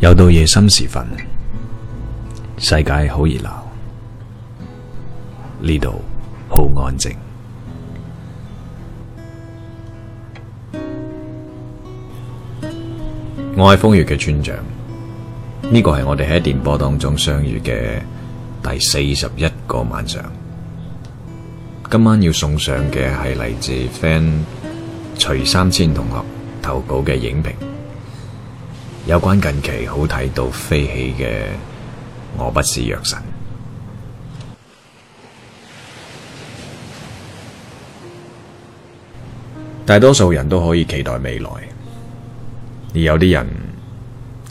又到夜深時分，世界好熱鬧，呢度好安靜。 我係瘋粵嘅村長，呢、這個係我哋喺電波當中相遇嘅第四十一個晚上。今晚要送上嘅係嚟自 fan 徐三千同學投稿嘅影評。有關近期好睇到飛起嘅《我不是藥神》，大多數人都可以期待未來，而有啲人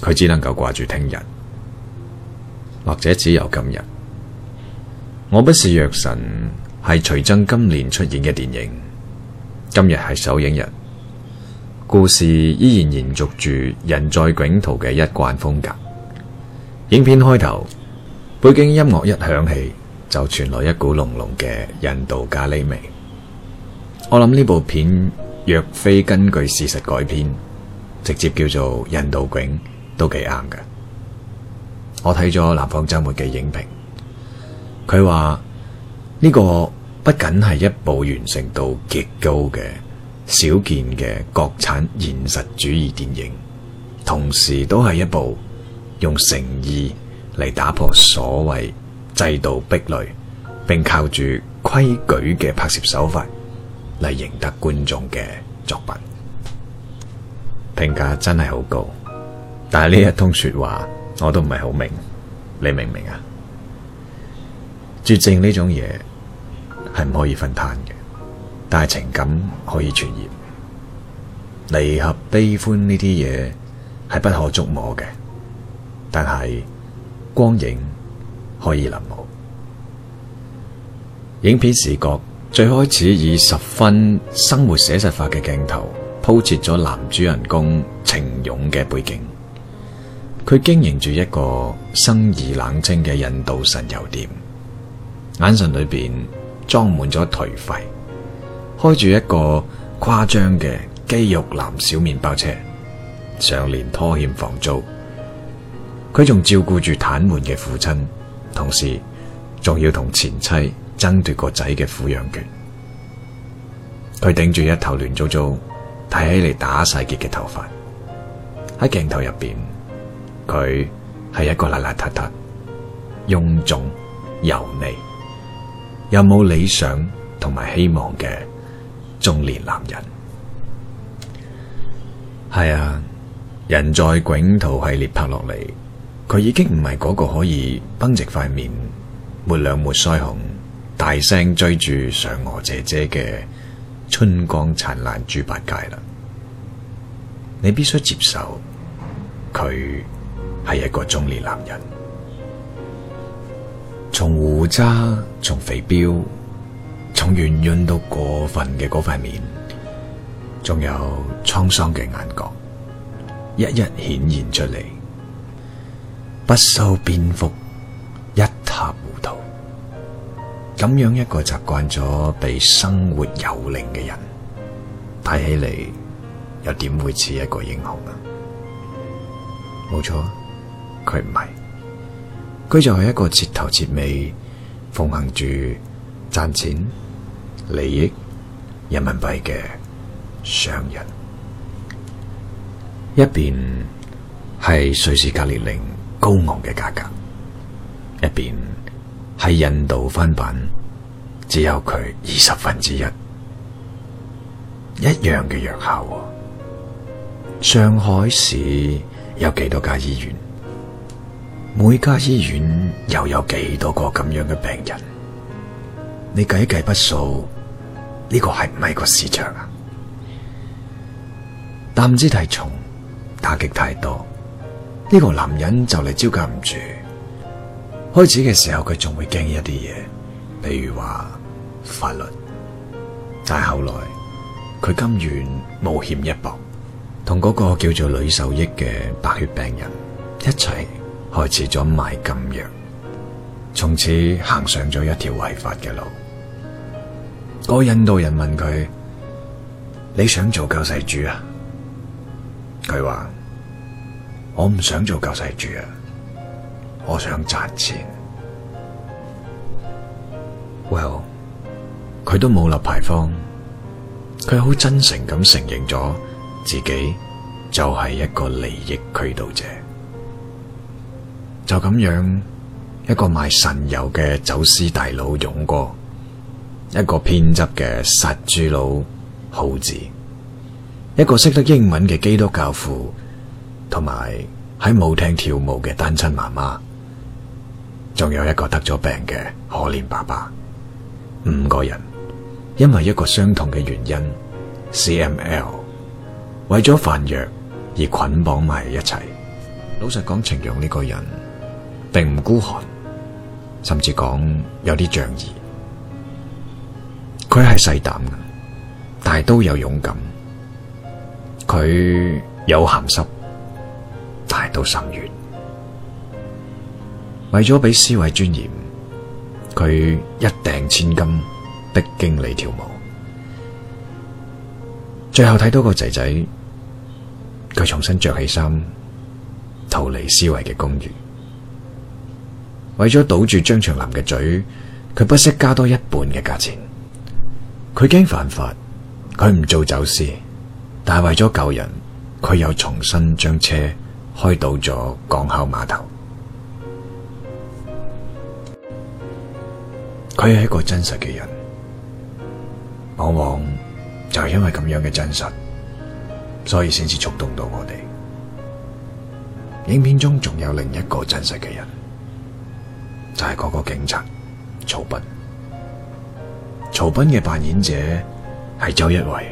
佢只能夠掛住聽日，或者只有今日。《我不是藥神》係徐崢今年出演嘅電影，今日係首映日。故事依然延續住人在囧途嘅一貫風格。影片開頭，背景音樂一響起，就傳來一股濃濃嘅印度咖喱味。我諗呢部片若非根據事實改編，直接叫做印度囧都幾啱嘅。我睇咗南方周末嘅影評，佢話呢個不僅係一部完成度極高嘅。少見嘅國產現實主義電影，同時都係一部用誠意嚟打破所謂制度壁壘，並靠住規矩嘅拍攝手法嚟贏得觀眾嘅作品，評價真係好高。但係呢一通說話，我都唔係好明，你明唔明啊？絕症呢種嘢係唔可以分攤嘅。但係情感可以傳染，離合悲歡呢啲嘢係不可觸摸嘅。但係光影可以臨摹。影片視角最開始以十分生活寫實化嘅鏡頭，鋪設咗男主人公程勇嘅背景。佢經營住一個生意冷清嘅印度神油店，眼神裏邊裝滿咗頹廢。開住一個誇張嘅肌肉男小麵包車，常年拖欠房租，佢仲照顧住癱瘓嘅父親，同時仲要同前妻爭奪個仔嘅撫養權。佢頂住一頭亂糟糟、睇起嚟打晒結嘅頭髮，喺鏡頭入邊，佢係一個邋邋遢遢、臃腫、油膩又冇理想同埋希望嘅中年男人，係啊，人在囧途系列拍落嚟，佢已經唔係嗰個可以繃直塊面、抹兩抹腮紅、大聲追住嫦娥姐姐嘅春光燦爛豬八戒啦。你必須接受佢係一個中年男人，從胡渣，從肥膘。從圓潤到過分嘅嗰塊面，仲有滄桑嘅眼角，一一顯現出嚟，不修邊幅，一塌糊塗。咁樣一個習慣咗被生活蹂躪嘅人，睇起嚟又點會似一個英雄啊？冇錯，佢唔係，佢就係一個徹頭徹尾奉行住賺錢。利益人民幣嘅商人，一邊係瑞士格列寧高昂嘅價格，一邊係印度翻版只有佢二十分之一，一樣嘅藥效啊。上海市有幾多家醫院？每家醫院又有幾多個咁樣嘅病人？你計計筆數？呢個係唔係個市場啊？擔子太重，打擊太多，呢、這個男人就嚟招架唔住。開始嘅時候，佢仲會驚一啲嘢，譬如話法律。但係後來，佢甘願冒險一搏，同嗰個叫做呂受益嘅白血病人一齊開始咗賣禁藥，從此行上咗一條違法嘅路。個印度人問佢：你想做救世主啊？佢話：我唔想做救世主啊，我想賺錢。Well，佢都冇立牌坊，佢好真誠咁承認咗自己就係一個利益驅導者。就咁樣，一個賣神油嘅走私大佬，勇哥。一個偏執嘅殺豬佬好子，一個識得英文嘅基督教父，同埋喺舞廳跳舞嘅單親媽媽，仲有一個得咗病嘅可憐爸爸，五個人因為一個相同嘅原因，CML 為咗販藥而捆綁埋一齊。老實講，程勇呢個人並唔孤寒，甚至講有啲仗義。佢係細膽，但係都有勇敢。佢有咸濕，但係都心軟。為咗俾思維尊嚴，佢一擲千金逼經理跳舞，最後睇到個仔仔，佢重新着起衫，逃離思維嘅公寓。為咗堵住張長林嘅嘴，佢不惜加多一半嘅價錢。佢驚犯法，佢唔做走私，但係為咗救人，佢又重新將車開到咗港口碼頭。佢係一個真實嘅人，往往就係因為咁樣嘅真實，所以先至觸動到我哋。影片中仲有另一個真實嘅人，就係、是、嗰個警察曹斌。曹斌嘅扮演者係周一圍。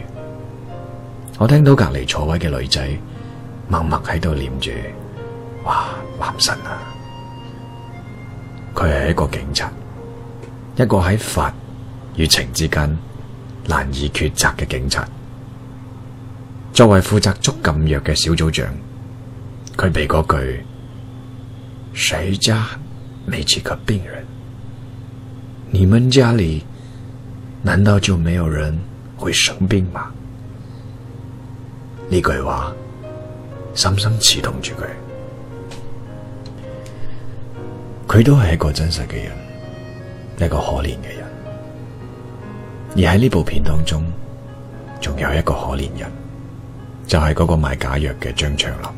我聽到隔籬坐位嘅女仔默默喺度念住：哇，男神啊！佢係一個警察，一個喺法與情之間難以抉擇嘅警察。作為負責捉禁藥嘅小組長，佢被嗰句：誰家沒幾個病人？你們家裏，難道就沒有人會生病嗎？呢句話，深深刺痛住佢。佢都係一個真實嘅人，一個可憐嘅人。而喺呢部片當中，仲有一個可憐人，就係嗰個賣假藥嘅張長林。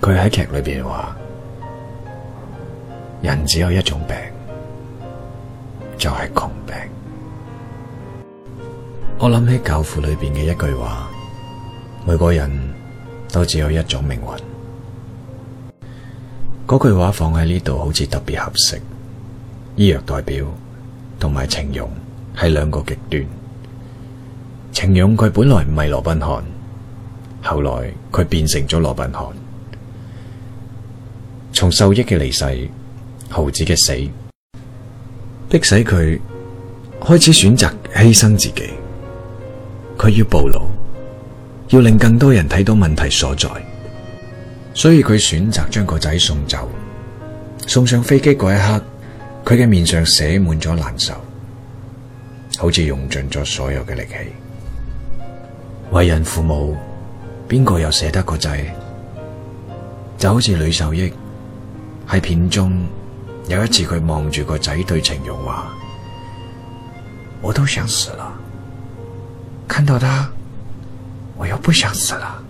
佢喺劇裏邊話，人只有一種病，就係窮病。我諗起教父裏邊嘅一句話，每個人都只有一種命運。嗰句話放喺呢度好似特別合適。醫藥代表同埋程勇係兩個極端。程勇佢本來唔係羅賓漢，後來佢變成咗羅賓漢。從受益嘅離世，猴子嘅死，迫使佢開始選擇犧牲自己。佢要暴露，要令更多人睇到問題所在，所以佢選擇將個仔送走。送上飛機嗰一刻，佢嘅面上寫滿咗難受，好似用盡咗所有嘅力氣。為人父母，邊個又捨得個仔？就好似呂受益喺片中有一次，佢望住個仔對程勇話：我都想死了。看到他，我又不想死了。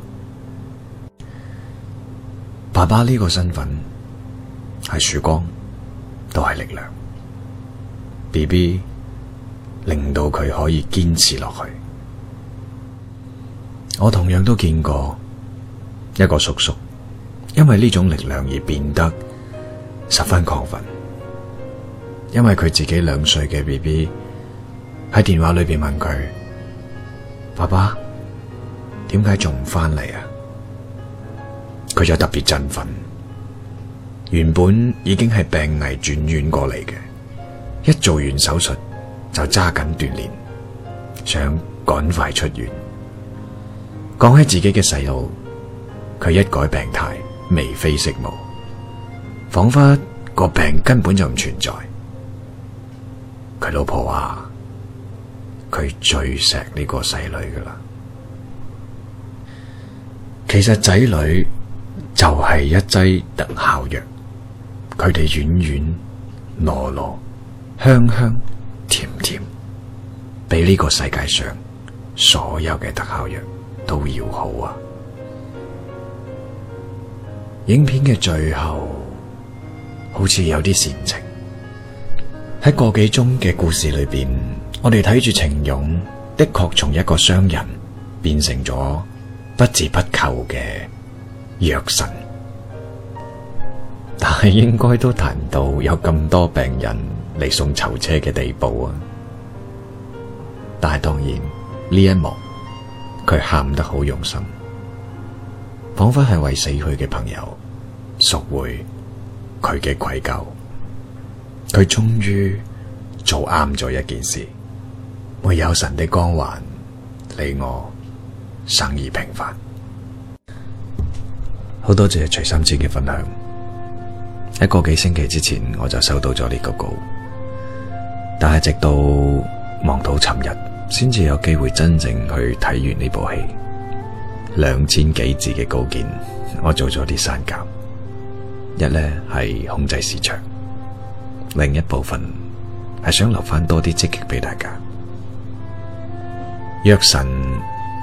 爸爸呢個身份，係曙光，都係力量。B B 令到佢可以堅持落去。我同樣都見過一個叔叔，因為呢種力量而變得十分亢奮，因為佢自己兩歲嘅 B B 喺電話裏邊問佢。爸爸點解仲唔翻嚟啊？佢就特別振奮，原本已經係病危轉院過嚟嘅，一做完手術就揸緊鍛煉，想趕快出院。講起自己嘅細路，佢一改病態，眉飛色舞，仿佛個病根本就唔存在。佢老婆話。佢最錫呢個細女噶啦，其實仔女就係一劑特效藥，佢哋軟軟、糯糯、香香、甜甜，比呢個世界上所有嘅特效藥都要好啊！影片嘅最後好似有啲煽情，喺個幾鐘嘅故事裏邊。我哋睇住程勇，的確從一個商人變成咗不折不扣嘅藥神，但係應該都談到有咁多病人嚟送囚車嘅地步啊！但係當然呢一幕，佢喊得好用心，仿佛係為死去嘅朋友贖回佢嘅愧疚。佢終於做啱咗一件事。沒有神的光環，你我生而平凡。好多謝徐三千嘅分享。一個幾星期之前我就收到咗呢個稿，但係直到忙到尋日，先至有機會真正去睇完呢部戲。兩千幾字嘅稿件，我做咗啲刪減。一呢係控制時長，另一部分係想留翻多啲積極俾大家。藥神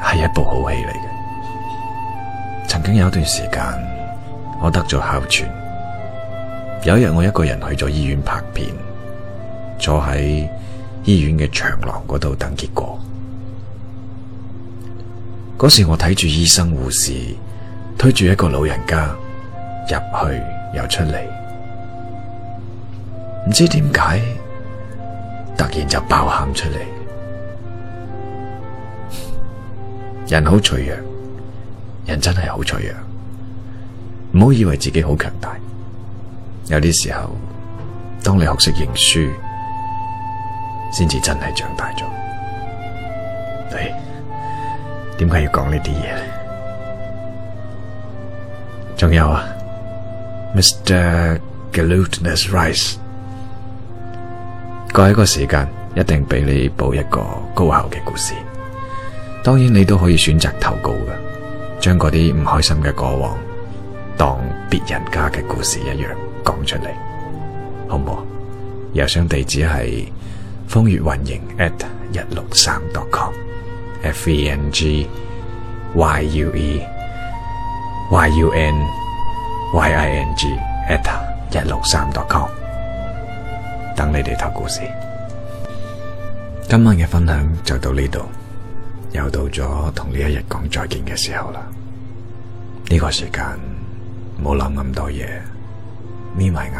係一部好戲嚟嘅。曾經有一段時間我得咗哮喘，有一日我一個人去咗醫院拍片，坐喺醫院嘅長廊嗰度等結果。嗰時我睇住醫生護士推住一個老人家入去又出嚟，唔知點解突然就爆喊出嚟。人好脆弱，人真係好脆弱，唔好以為自己好強大。有啲時候，當你學識認輸，先至真係長大咗。嚟、哎，點解要講呢啲嘢？仲有啊，Mr. Glutinous Rice，過一個時間，一定俾你報一個高效嘅故事。當然，你都可以選擇投稿嘅，將嗰啲唔開心嘅過往當別人家嘅故事一樣講出嚟，好唔好？郵箱地址係瘋粵運營 at 一六三點 com，f e n g y u e y u n y i n g at 一六三點 com，等你哋投故事。今晚嘅分享就到呢度。又到咗同呢一日講再見嘅時候啦，呢、這個時間冇諗咁多嘢，眯埋眼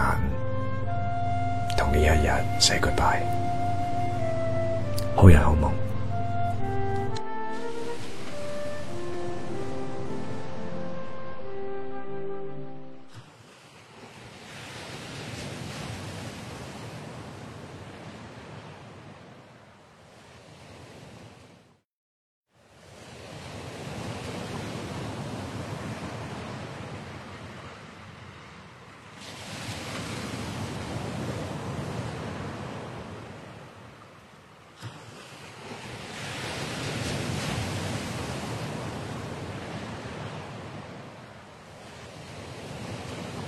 同呢一日 say goodbye，好人好夢。